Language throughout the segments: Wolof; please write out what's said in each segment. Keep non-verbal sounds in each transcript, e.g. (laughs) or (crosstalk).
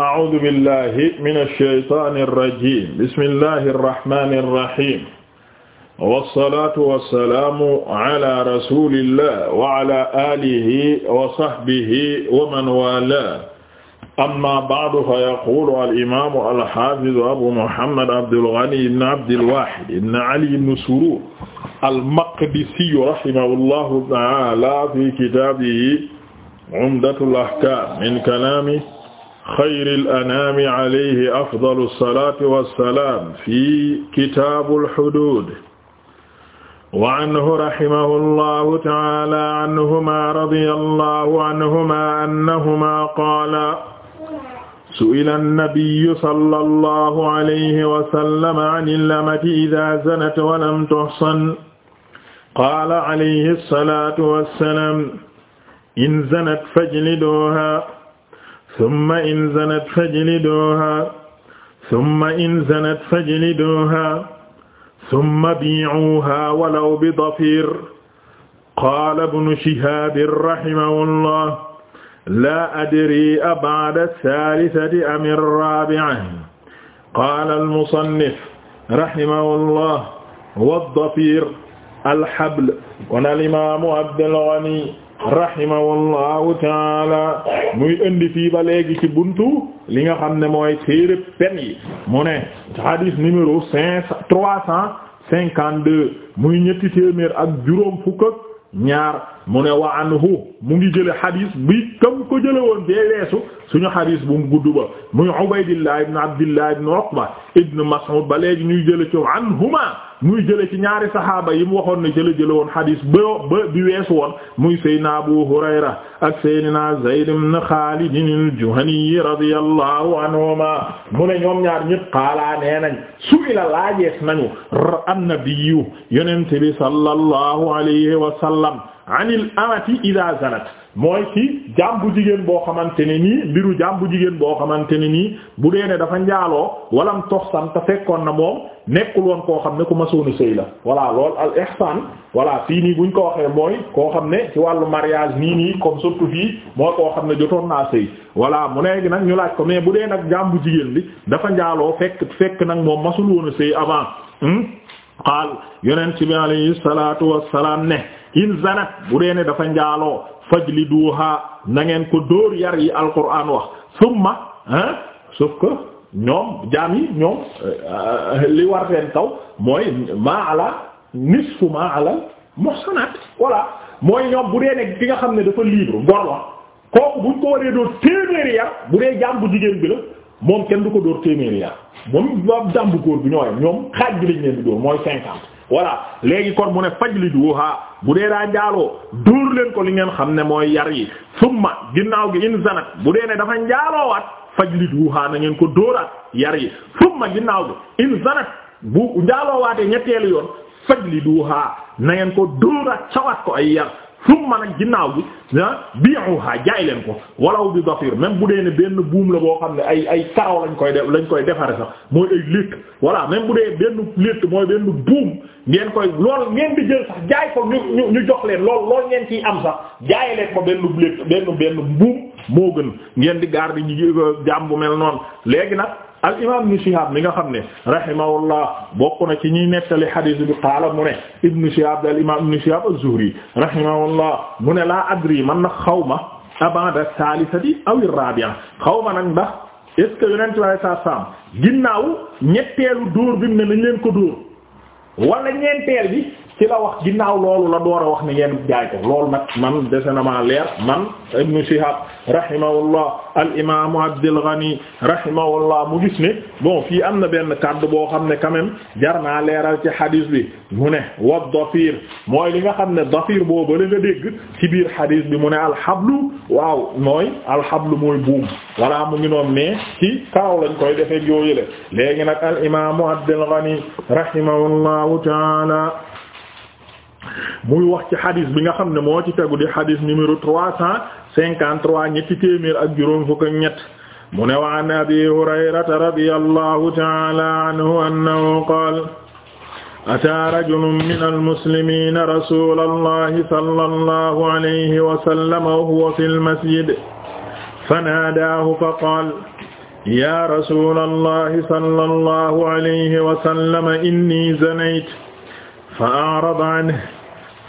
أعوذ بالله من الشيطان الرجيم بسم الله الرحمن الرحيم والصلاة والسلام على رسول الله وعلى آله وصحبه ومن والاه أما بعد فيقول الإمام الحافظ أبو محمد عبد الغني بن عبد الواحد بن علي بن سرور المقدسي رحمه الله تعالى في كتابه عمدة الأحكام من كلام xayril anaami alayhi afdalu salaatu wa salaam fi kitaabul xuduud wa anhu rahimahullahu ta'aala anhumaa radiyallahu anhumaa annahumaa qaala su'ila nabiyyu sallallahu alayhi wa sallam anil amati idaa zanat wa lam tuhsan qaala alayhi salaatu wa salaam in zanat fajliduuhaa summa in zanat fajliduha summa in zanat fajliduha summa bi'uha walaw bi dafir qaala ibnu Shihaab rahimahullah laa adri ab'ada as-saalisati am ar-raabi'a qaala al-musannif rahimahullah wa ad-dafir alhabl kon alimamu Abdulghani rahimahullahu taala muy indi fii ba léegi ci buntu li nga xam ne mooy téere pen yi mu ne hadis numéro muy ñetti téeméer ak juróom fukk ak ñaar mu ne wa anhu mu ngi jële hadis bi kam ko jële woon bee weesu suñu hadis bu mu gudd ba muy Ubaydillah ibn Abdillah ibn Uqba ibn Mas'ud ba léegi ñuy jële ci anhuma muy jële ci ñaari saxaaba yi mu waxoon ne jële-jële woon xadiis bo bi wees woon muy saydna Abu Hurayra ak saydna Zayd ibn Xaalid al-Juhani radiyallahu anhuma mu ne ñoom ñaar ñëpp xaalaa nee nañ su ila laajees nañu annabiyu yonente bi sallallahu alayhi wa sallam anil amati ida zanat mooy ci jaam bu jigéen boo xamante ne nii mbiru jaam bu jigéen boo xamante ne nii bu dee ne dafa njaaloo walam toxsan te fekkoon na moom nekkul woon koo xam ne ku masoon sëy la voilà lool al ihsan voilà fii nii buñ ko waxee mooy koo xam ne ci wàllu mariage nii nii comme surtout fii mooy koo xam ne jotoon naa sëy voilà mu ne neegi nag ñu laaj ko mais bu dee nag jaam bu jigéen bi dafa njaaloo fekk fekk nag moom masul woon sëy avant hmm? qaal yonent bi alayhi salaatu wassalaam ne in zanat bu dee ne dafa njaaloo fajliduha na ngeen ko dóor yar yi alquran wax summa hein sauf que ñoom jaam yi ñoom euh, euh, li war seen kaw mooy maa ala nisfu maa ala muhsanat voilà mooy ñoom bu dee ne ki nga xam ne dafa libre gor la kooku buñ ko waree dóor téeméeri yar bu dee jaam bu jigéen bi la moom kenn du ko dóor téeméeri yar moom jaam góor bi ñooy ñoom xaaj bi lañ leen di dóor mooy cinquante voilà léegi kon mu ne fajliduha bu dee daa njaaloo dóor leen ko li ngeen xam ne mooy yar yi ma ginnaaw gi in zanat bu dee ne dafa njaaloowaat fajliduha na ngeen ko dóoraat yar yi summa ginnaaw gi in zanat bu njaaloowaatee ñetteelu yoon fajliduha na ngeen ko dóoraat cawaat ko ay yar summa nag ginnaaw bi ah xaa jaay leen ko walaw bi dafir même bu dee ne benn buum la boo xam ne ay ay karaw lañ koy def lañ koy defare sax mooy ay létt voilà même bu dee benn létt mooy benn buum ngeen koy lool ngeen di jël sax jaay ko ñu ñu ñu jox leen lool lool ngeen ciy am sax jaay leen ko benn létt benn benn buum moo gën ngeen di gaar di ñu jàmm bu mel noonu léegi nag. al imaam ibn Shihab mi nga xam ne rahimahullah bokk na ci ñuy nettali hadith bi qaala mu ne ibn Shihab daal imaam ibn Shihab az-Zuhri rahimahullah mu ne laa adri man nag xaw ma abada saalisati aw ar-rabi'a xaw ma nag ndax est ce que yonent bi saa ginnaaw ñetteelu dóor bi mu ne leen ko dóor wala ñeenteel bi. ci la wax ginnaaw loolu la door a wax ni ngeen jaay ko loolu nag man dese na maa leer man ibnu Shihab rahimahullah al imaamu Abdul Ghani rahimahullah mu gis ne bon fii am na benn kàddu boo xam ne quand même jar naa leeral ci hadis bi mu ne wa dafir mooy li nga xam ne dafir boobu la nga dégg ci biir hadis bi mu ne alxablu waaw mooy alxablu mooy buum walla mu ngi noon mais ci kaaw lañ koy defee jooyule léegi nag al imaamu Abdul taala muy wax ci xadis bi nga xam ne moo ci tegu di xadis numéro trois cent cinquante-trois ñetti téeméer ak juróom fukk ak ñett mu ne wa an abi hurayrata radiyallahu ta'ala anhu annahu qaal ataa rajulun mina al-muslimiina rasuulallahi sallallahu alayhi wa sallam wa huwa fil masjid fanaadaahu faqaal yaa rasuulallahi sallallahu alayhi wa sallam innii zanaytu fa a'rada anhu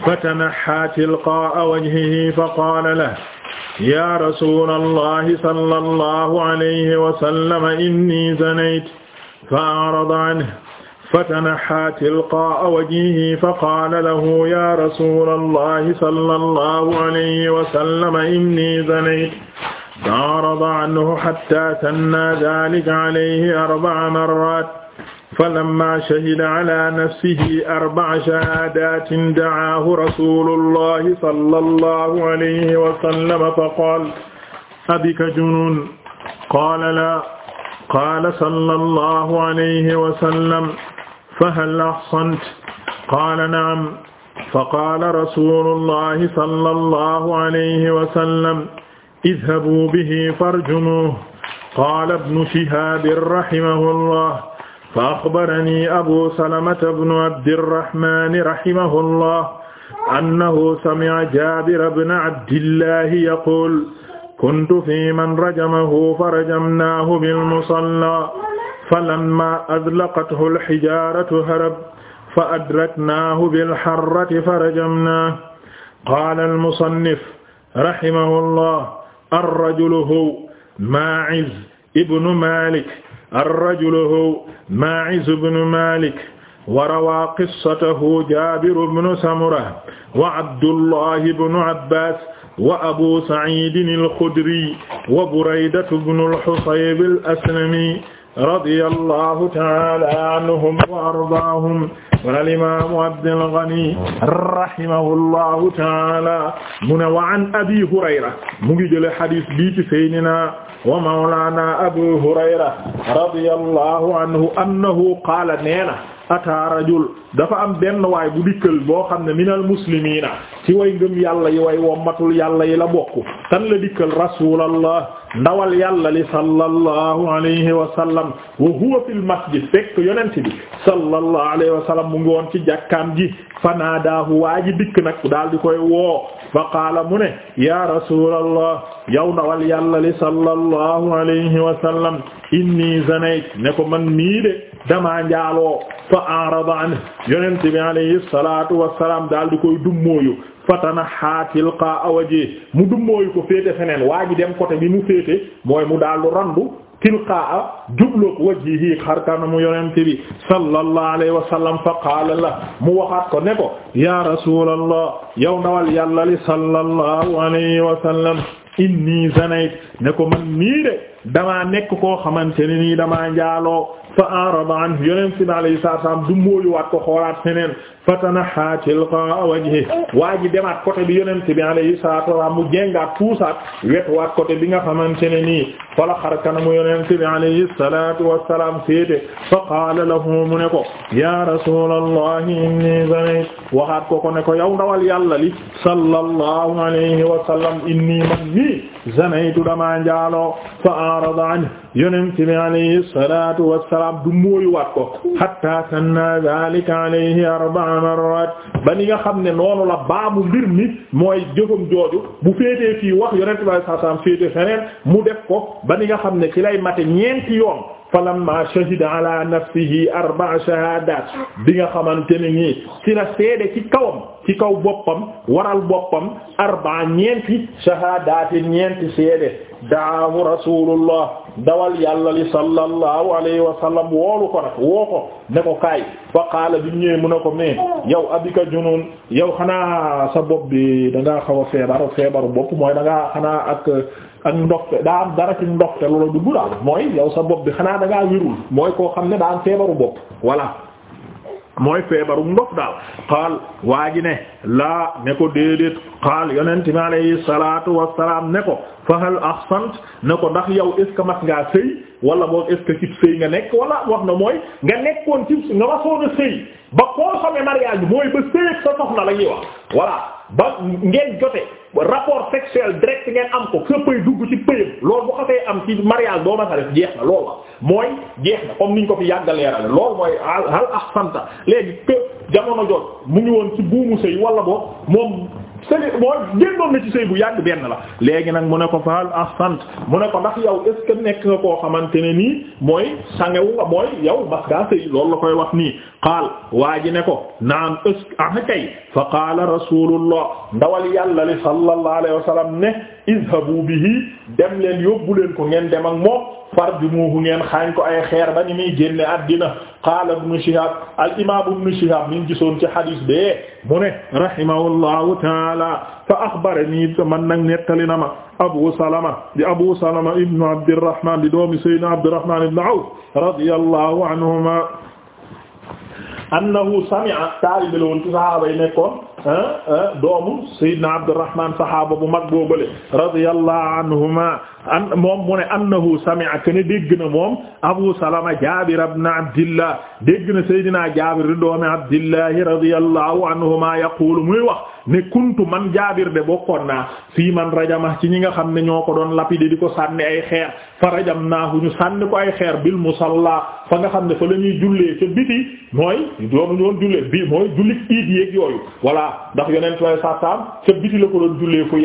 fatanaxaa tilqaa'a wajhihi faqaala lahu yaa rasuulallaahi sallallaahu alayhi wa sallam innii zanaytu fa a'rada anhu fatanaxaa tilqaa'a wajhihi faqaala lahu yaa rasuulallaahi sallallaahu alayhi wa sallam innii zanaytu fa a'rada anhu hattaa sannaa zaalika alayhi arba'a marraat falamma shahida ala nafsihi arba'a shahaadatin da'aahu rasuulullahi sallallahu alayhi wa sallam faqaala abika junuun qaala laa qaala sallallahu alayhi wa sallam fahal ahsanta qaala na'am faqaala rasuulullahi sallallahu alayhi wa sallam idhabuu bihi farjumuuhu qaala ibnu shihaab rahimahullah fa axbarani abu salamata bnu abdirrahmani rahimahullah annahu sami'a jabira bna abdillahi yaqul kuntu fi man rajamahu farajamnahu bilmusalla falamma adlaqathu alhijaratu harab fa adraknahu bilharrati farajamnahu qala almusannif rahimahullah arrajulu huwa ma'iz ibnu malik ar-rajulu huwa Maa'iz ibn Maalik wa rawaa qissatahu Jaabir ibn Samura wa Abdullahi ibn Abbaas wa Abu Sa'iid al-Khudri wa Burayda ibn al-Husayb al-Aslami radiyallahu ta'ala anhum wa ardaahum wa al-imaamu Abdul Ghani rahimahullahu ta'ala mu ne wa an Abi Hurayra mu ngi jële hadiis bi ci Seydina wa mawlaana abu hurayra radiyallahu anhu annahu qaala neena ataa rajul dafa am benn waay bu dikkal boo xam ne minal muslimiina ci way ngëm yàlla yi way wommatul yàlla yi la bokk tan la dikkal rasuulallah ndawal yàlla li sallallahu alayhi wa sallam wa huwa fil masjid fekk yonent bi sallallahu alayhi wa sallam mu ngi woon ci jàkkaam ji fanaadaahu waa ji dikk nag daal di koy woo fa qaala mu ne ya rasulallah yow ndawal yàlla li sallallahu alayhi wa sallam inni zanayt ne ko man mii de damaa njaaloo fa arada an yonent bi alayhi salatu wassalam daal di koy dummóoyu fatanaha tilqaa wajhi mu dummóoyu ko féete feneen waa ji dem côté bi mu féete mooy mu daal lu randu tilqaa jublu wajhihi xar kanamu yonent bi sallallahu alayhi wa sallam fa qaala la mu waxaat ko ne ko ya rasulallah yow ndawal yàlla li sallallahu alayhi wa sallam inni zanayt ne ko man nii damaa nekk ko xamante ne nii damaa njaaloo fa arada an yonent bi alayhi salaam du móoyuwaat ko xoolaat feneen fatanaha tilqaa wajhi waa ji demaat côté bi yonent bi alayhi salaam mu jéngaat puusaat wat ko bi nga xamante ne nii fa la xar kanamu yonent bi alayhi salaatu wassalaam féete fa qaala lahu mu ne ko ya rasulallahi inni zanaytu waxaat ko ko ne ko yow ndawal yàlla li sallallahu alayhi inni man nii zanaytu damaa njaaloo fa a'rada anhu yonent bi alayhi salaatu wassalaam du mooyu waat ko hatta sanna zaalika alayhi arba'a marrat ba ni nga xam ne noonu la baamu mbir mi mooy jëfam jooju bu féetee fi wax yonent bi alayhi salaam feneen mu def ko ba ni nga xam ne ci lay mate ñeenti yoon falamma shahida ala nafsihi arba'a shahaadat bi nga xamante ne nii ci la seede ci kawam ci kaw boppam waral boppam arbaa ñeenti shahaadaati ñeenti seede daahu rasulullah dawal yàlla li sallallahu alayhi wa sallam woolu ko nag woo ko ne ko kaay fa qaala bi ñëwee mu ne ko mais yow abika junun yow xanaa sa bopp bi da ngaa xaw a feebar feebaru bopp mooy da ngaa xanaa ak ak ndokte daa am dara ndox ndokte loolu du guddaal mooy yow sa bopp bi xanaa da ngaa wirul mooy koo xam ne daa am feebaru bopp voilà mooy feebaru ndof daal qaal waa ji ne laa ne ko déedéet qaal yonent mi alayhi salaatu wassalaam ne ko fa hal ahsant ne ko ndax yow est ce ngaa sëy wala boog est cib sëy nga nekk wala wax na mooy nga nekkoon cib nga wasoon a sëy ba consommer mariage bi mooy ba sëy ak sa soxna la ñuy wax voilà ba ngeen jote rapport sexuel direct ngeen am ko sa pëy dugg ci pëyam loolu bu xasee am ci mariage doo ma sa jeex na loolu la mooy jeex na comme niñ ko fi yàgg a leerale loolu mooy hal ahsanta léegi këpp jamono jot mu ngi woon ci buumu sëy wala boo moom sëy mooy génnoon na ci sëy bu yàgg benn la léegi nag mu ne ko fa hal ahsant mu ne ko ndax yow est nekk nga koo xamante ne nii mooy sangewu nga mooy yow bas sëy loolu la koy wax nii qaal waa ji ne ko naam est ce que ah kay fa qaala la ndawal yàlla li sallallahu alayhi wa sallam ne izhabu bihi dem leen yóbbu leen ko ngeen dem ak moom farjumuhu ngeen xaañ ko ay xeer ba ni muy génne àddina qaala ibnu Shihab al imaam ibnu Shihab min gisoon ci hadis bee mu ne rahimahullahu taala fa axbarani man nag nettali na ma Abu Salama di Abu Salama ibnu Abdirrahman di doomi Sayyidina Abdirrahman ibnu Awf radiyallahu anhuma annahu sami'a taalibe la woon ci sahaaba yi nekkoon doomu Seydina Abdurrahman sahaaba bu mag boobale radiyallahu anhuma an moom mu ne annahu sami'a kana dégg na moom Abu Salama Jaabir ibn Abdillah dégg na Seydina Jaabir di doomi Abdillah radiyallahu anhuma yaqulu muy wax ne kuntu man Jaabir de bokkoon naa fii man rajama ci ñi nga xam ne ñoo ko doon lapider di ko sànni ay xeer fa rajamnaahu ñu sànni ko ay xeer bil musalla fa nga xam ne fa la ñuy jullee ca biti mooy doonu doon jullee bi mooy jullit iid yéeg yooyu voilà ndax yonent way sa ca biti la ko doon jullee fu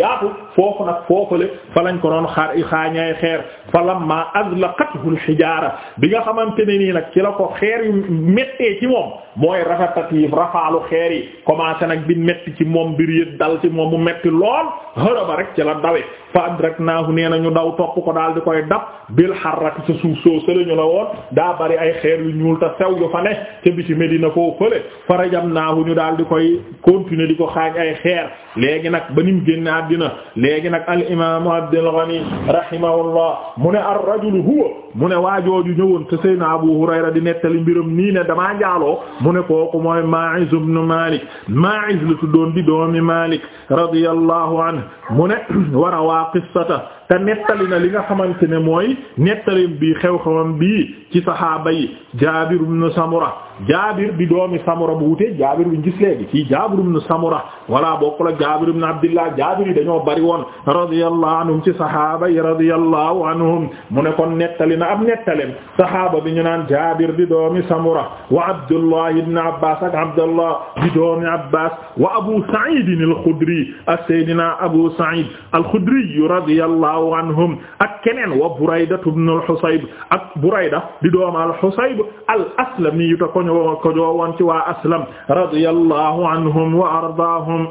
xaañay xeer falamma azlaqathu alxijaara bi nga xamante ne nii nag ci la ko xeer yu méttee ci moom mooy rafatatif rafaalu xeer yi commencé nag bi métti ci moom mbir yi dal ci moom mu métti lool hërëba rek ci la dawe fa adraknaahu nee na ñu daw topp ko daal di koy dab bil harrati sa suuf soo sële ñu la woon daa bari ay xeer yu ñuul te sew yu fa ne ca biti Medina foo fële farajamnaahu ñu daal di koy continuer di ko xaañ ay xeer léegi nag ba nim génn àddina léegi nag al imaamu Abdul Ghani rahimahullah mu ne ar rajul huwa mu ne waajooju ñëwoon te Seydina Abu Hurayra di nettali mbiram nii ne damaa njaaloo mu ne kooku mooy Ma'iz ibn Malik Ma'iz la tuddoon di doomi Malik radiyallahu anhu mu ne war a waa qissata te nettali na li nga xamante ne mooy nettalim bii xew-xewam bii ci sahaaba yi Jaabir ibn Samura jaabir di doomi samura bu wutee jaabir bu gis léegi ci jaabir ibn samura walla bokku la jaabir ibn abdillah jaabir yi dañoo bari woon radiyallahu anhum ci sahaaba yi radiyallahu anhum mu ne kon nettali na ab nettalen sahaaba bi ñu naan jaabir di doomi samura wa abdullah ibn abbas ak abdullah di doomi abbas wa abu sa'id al-khudri ak sayyidina abu sa'id al-khudri radiyallahu anhum ak keneen wa burayda ibn al-husayb ak burayda di doomi al-husayb al-aslami ñu ko joowoon ci waa aslam radiyallahu anhum wa ardaahum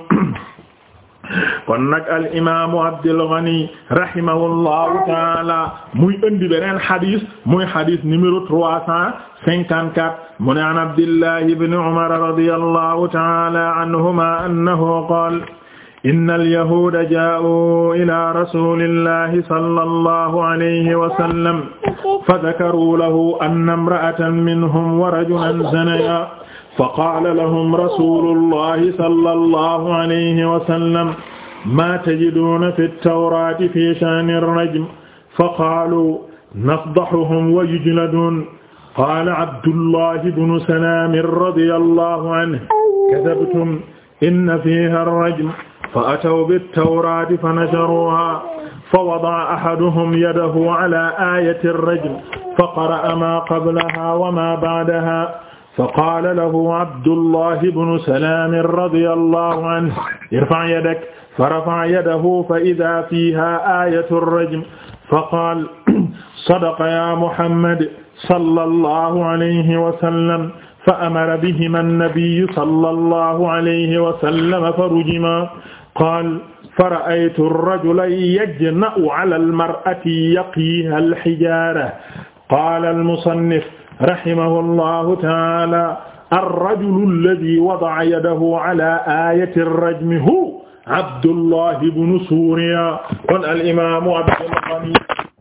kon nag al imaamu Abdul Ghani rahimahullahu taala muy indi beneen xadis muy xadis numéro trois cent cinquante quatre mu ne an Abdillahi ibn Umar radiyallahu taala anhuma annahu qaala inna alyahuuda jaa'uu ilaa rasuulillahi sallallahu alayhi wa sallam fadakaruu lahu anna imra'atan minhum wa rajulan zanayaa faqaala lahum rasuulullahi sallallahu alayhi wa sallam maa tajiduuna fi tawraati fi sha'ni ar-rajm faqaaluu nafdahuhum wa yujladuun qaala abdullahi bnu salaamin radiyallahu anhu kadabtum inna fiiha ar-rajm fa ataw bittawraati fa nacharuha fa wada'a ahaduhum yadahu ala ayati rrajm fa qara'a maa qablaha wa maa ba'daha fa qaala lahu abdullahi bnu salaamin radiyallahu anhu irfa' yadak fa rafa'a yadahu fa idaa fiihaa ayatu rrajm fa qaala sadaqa yaa muhammad sallallahu alayhi wa sallam fa amara bihimaa nnabiyyu sallallahu alayhi wa sallam fa rujimaa qaal fara'aytu ar-rajula yajna'u 'ala al-mar'ati yaqiha al-hijaara qaala al-musannif rahimahu llahu ta'aala ar-rajulu alladhii wada'a yadahu 'ala aayati ar-rajmi huwa Abdullahi ibnu Suuriya kon al-imaamu Abdul Ghaniyy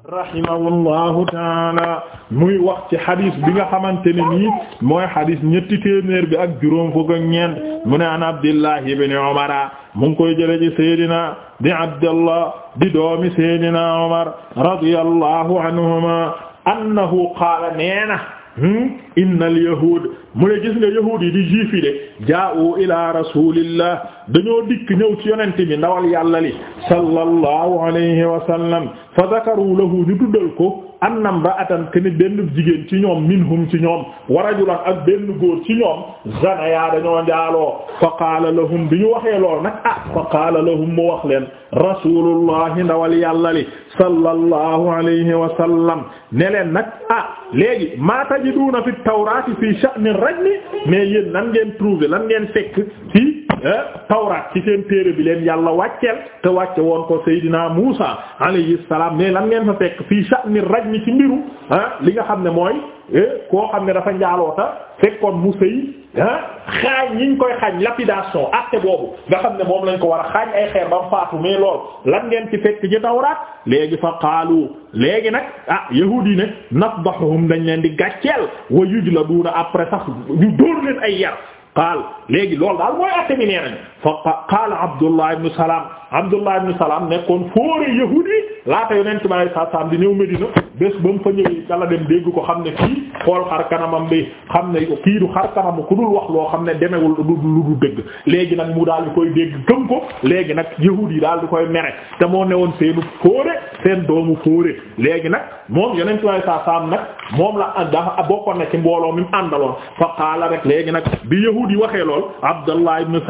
rahimahullahu taala muy wax ci xadis bi nga xamante ne nii mooy xadis ñetti téeméer bi ak juróom fukk ak ñeent mu ne an Abdillah ibn Umar mu ngi koy jële ci Seydina di Abdallah di doomi Seydina Umar radiyallahu anhuma annahu qaala neena Hmm? innal yahud mu ne gis nga yahud yi di juif yi de jaa'u ila rasulillah dañoo dikk ñëw ci yonent bi ndawal yàlla li sallallahu alayhi wa sallam fa zakaru lahu ñu tuddal ko anna imra'atan kene benn jigéen ci ñoom minhum ci ñoom wa rajulan ak benn góor ci ñoom zanaya dañoo njaaloo fa qaala lahum bi ñu waxee lool nag ah fa qaala lahum mu wax leen rasulullahi ndawal yàlla li sallallahu alayhi wa sallam ne leen nag ah léegi maa tajiduuna fi tawraati fi sha'ni rajmi mais yéen lan ngeen trouver lan ngeen fekk fii Eh? tawraat ci seen téere bi leen yàlla wàcceel te wàcce woon ko Seydina Muusa alayhi salaam mais lan ngeen fa fekk fii sha'ni rajmi ci mbiru ah li nga xam ne mooy eh? koo xam ne dafa njaaloota fekkoon mu sëy ah xaañ ñi ñu koy xaañ lapidation acte boobu nga xam ne moom lañ ko war a xaañ ay xeer ba mu faatu mais lool lan ngeen ci fekk ci tawraat léegi fa qaalu léegi nag ah yahuudi ne nafdahuhum dañ leen di gàcceel wa yujladuna après sax ñu dóor leen ay yar qaal léegi loolu daal mooy atte bi nee nañu fa qaala Abdullah ibn Salam Abdullah ibn Salam nekkoon fóore yahudi laata yonent bi alayhi salaatu salaam di ñëw Medina bés ba mu fa ñëwee dala dégg ko xam ne kii xool xar kanamam bi xam ne kii du xar kanam ku dul wax loo xam ne demewul du lu du dëgg léegi nag mu daal di koy dégg gëm ko léegi nag yahudi yi daal di koy mere te moo ne woon seenu fóore seen doomu fóore léegi nag moom yonent bi alayhi salaatu salaam nag moom la a bokkoon na ci mbooloo mi mu àndaloon fa qaala rek léegi nag bi yahudi waxee lool Abdullah ibn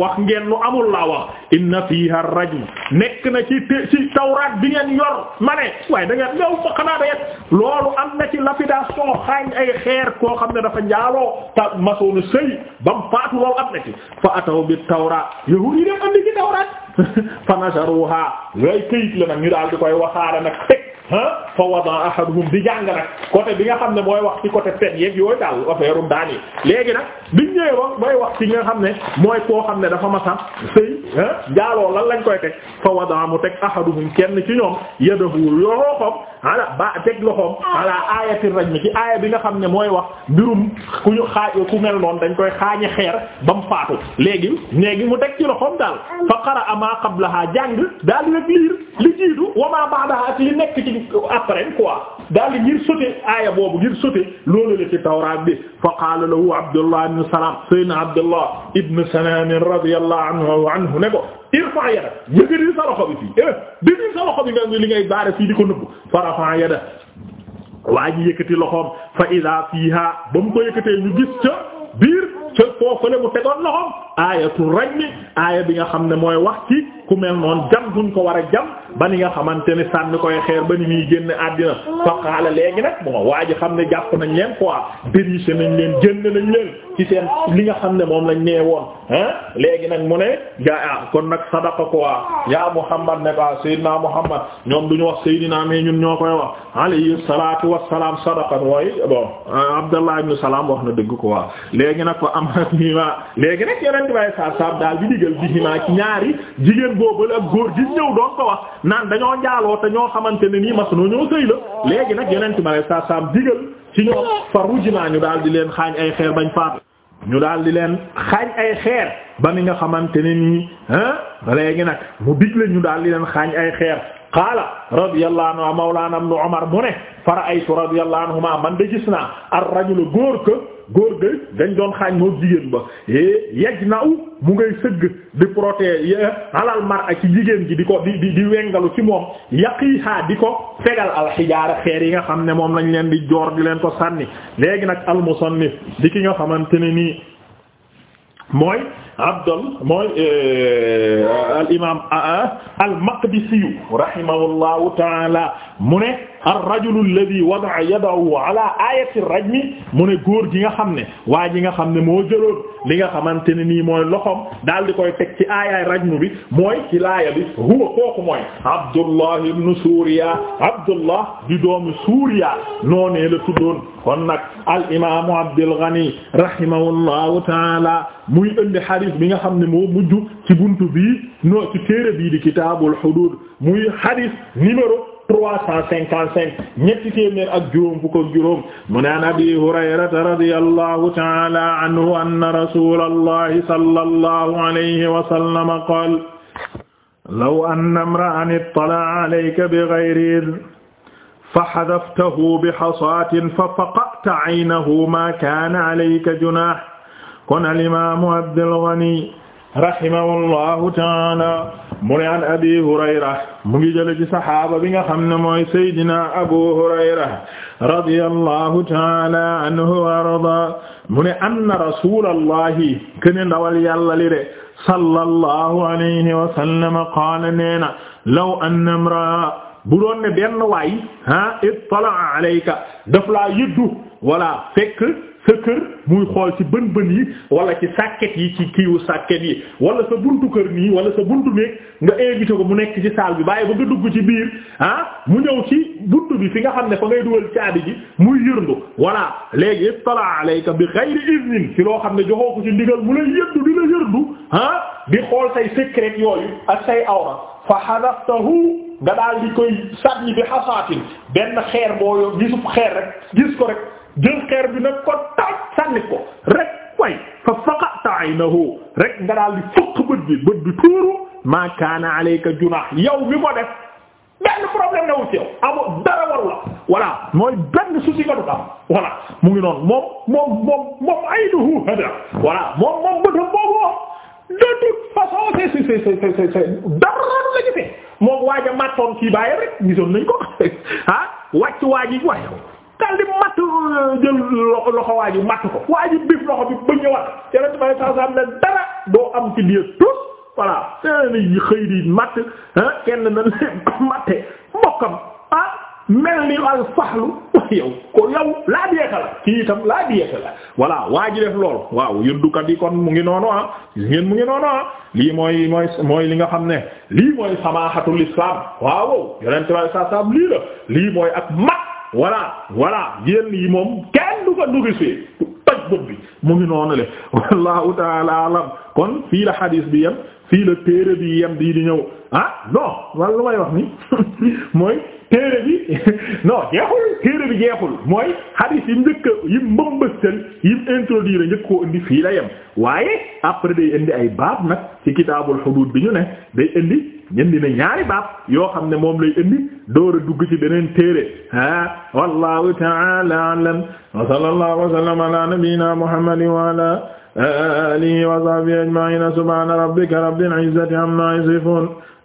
wax ngeen lu amul laa wax inna fiha rajul nekk na ci ci tawraat bi ngeen yor ma ne waaye da ngeen yow xanaa da ngeen am na ci lapidation xaañ ay xeer koo xam ne dafa njaaloo ta masoonu sëy bam faatu loolu am na ci fa bi tawraat yahuudi yi deen andi ci tawraat (laughs) fa nasaruha way këyit la nag daal di koy waxaara nag fa wada ahaduhum di jàng nag côté bi nga xam ne mooy wax ci côté pen yeeg yooyu daal affaire um daan léegi nag biñ ñëwee wax mooy wax ci nga xam ne mooy koo xam ne dafa masa sëy jaaloo lan lañ koy teg fa wada mu teg ahaduhum kenn ci ñoom yadahu loxoom ala ba teg loxoom ala ayati rajmi ci aaya bi nga xam ne mooy wax mbirum ku ñu xaaj ku mel noon dañ koy xaañi xeer ba mu faatu léegi léegi mu teg ci loxoom daal fa qara ama qablaha di après quoi daal di ngir sote aaya boobu ngir sote loolu la tawraat bi fa qaala lahu abdullah ibn salam saydna abdullah ibn salam radiyallahu anhu anhu ne ko irfa yada sa loxo bi fii eh dëgg sa loxo bi nga li ngay baare fii di ko nëbb fa rafa yada waa ji yëkkati loxoom fa ida fiiha ba mu ko yëkkatee ñu gis ca biir ca foofale mu tegoon loxoom aayatu rajmi aaya bi nga xam ne mooy wax ku mel noon jam duñ ko wara a ba ni nga xamante ni sànn koy xeer ba ni muy génn àddina fa qaala léegi nag bon waa ji xam ne jàpp nañ leen quoi dérisé nañ leen génn nañ leen ci seen li nga xam ne moom lañ nee woon ah léegi nag mu ne ga ah kon nag sadaqa quoi ya Muhammad ne ko ah, Seydina Muhammad ñoom du ñu wax Seydina mais ñun ñoo koy wax alayhi salaatu wassalaam sadaqa mooy bon Abdallah ibn Salaam wax na dëgg waa léegi nag fa am ma (laughs) léegi nag yeneen bay sa sab daal di digal bi ñaari jigéen boobale ak góor gi ñëw doon ko wax naan dañoo njaaloo te ñoo xamante ne nii mas noo ñoo sëy la léegi nag yeneen ma ne saa saam digal ci ñoo fa ruji ñu daal di leen xaañ ay xeer bañ faatu ñu daal di leen xaañ ay xeer ba ni nga xamante ne nii ah léegi nag mu digle ñu daal di leen xaañ ay xeer qaala radiyallahu anhu mawlana ibn Umar mu ne fa ra'aytu radiyallahu man de gis naa ar-rajul góor ko góor ga dañ doon xaañ moo jigéen ba eh, yaj na mu ngay sëgg di protéger eh, alal mar ak ci jigéen gi di ko di di di wengalu ci moom yaqiihaa di ko fegal alxijaara xeer yi nga xam ne moom lañ leen di joor di leen ko sànni léegi nag almusannif di ki nga xamante ne nii mooy abdul mooy eh, al imaam al ah, ah, maqdisiyu rahimahullahu taala mu ne ar-rajulu alladhi wada'a yadahu ala ayati rajmi mu ne góor gi nga xam ne waa ji nga xam ne moo jëloon li nga xamante ne nii mooy loxoom daal di koy teg ci aayaay rajmu bi mooy ci laaya bi huwa kooku mooy Abdullah ibn Suriya Abdullah di doomu Suriya noonee la tuddoon kon nag al imaamu Abdul Ghani rahimahullahu taala muy indi hadith bi nga xam ne moo mujj ci buntu bii no ci téere bii di kitaabul huduud muy hadith numéro trois cent cinquante cinq ñetti téeméer ak juróom fukk ak juróom mu ne an abi hurayrata radiyallahu ta'ala anhu anna rasulallahi sallallahu alayhi wa sallam qaal law anna imra'an ittala'a alayka bighayri idh fahadaftahu bihasaatin fafaqa'ta 'aynahu ma kaana alayka junaah kon al imaamu Abdul Ghani rahimahullahu ta'ala mu ne an abi hurayra mu ngi jële ci saxaaba bi nga xam ne mooy saydina abu hurayra radiyallahu taala anhu wa arda mu ne anna rasulallahi kene ndawal yàlla li de sallallahu alayhi wa sallam qaala neena law anna imraa bu doon ne benn waay ah ittala'a alayka daf laa yëddu wala fekk sa kër muy xool ci bën bën yi wala ci sàkket yi ci kiiwu sàkket yi wala sa buntu kër nii wala sa buntu néeg nga invité ko mu nekk ci saal bi bàyyi ba nga dugg ci biir ah mu ñëw ci buntu bi fi nga xam ne fa ngay ci caabi gi muy yërndu voilà léegi ittala alayka bi ghayri iznin ci loo xam ne joxoo ko ci ndigal mu lay yëddu di la yërndu ah di xool say secret yooyu ak say awra fa hadaftahu nga daal di koy sànni bi xasaatin benn xeer boo gisub xeer ko rek jël xeer bi nag ko taaj sànni ko rek way fa faqata aynahu di fëq bët bi bët tuuru ma kaana alayka junah yow mi benn problème na wut yow amoo dara waru la mooy benn souci nga du am mu ngi noon moom moom moom moom aynuhu hada voilà moom moom bëtam boobu de toute façon c'est c'est c'est la jëfee moom waaj a mattoon kii bàyyi rek gisoon nañ ko (laughs) ah wàcc waaj yi waaye daal di matt euh, jël loxo waa ji matt ko waa ji bif loxo bi ba ñëwaat yeneen tubaab doo am ci biir tout di matt kenn na leen ko ah, ni al faxlu (laughs) la kii itam laa diyeta waa yi kon mu ngi noonu ah, ah. lii mooy mooy li nga xam ne lii mooy samaaxatul islam waaw yonent tubaab yi mooy ak matt. voilà voilà yenn yi moom kenn du ko dugisi toj bopp bi mu ngi noonu le wallahu taala alam kon fii la xadiis bi yem fii la téere bi yem di di ñëw ah non wala lu may wax ni (laughs) mooy tere bi (laughs) non jeexul téere bi jeexul mooy hadith yim njëkk yim mbambastal yim introduire njëkk koo indi fii la yem waaye après day indi ay baab nag ci kitaabul xuduud bi ñu ne day indi indi na ñaari baab yoo xam ne moom lay indi door a dugg ci beneen téere ah wallahu ta'ala a'lam wa sallallahu wa sallama ala nabiyyina muhammadin wa ala alihi wa sahbihi ajma'in subhana rabbika rabbil izzati amma yasifun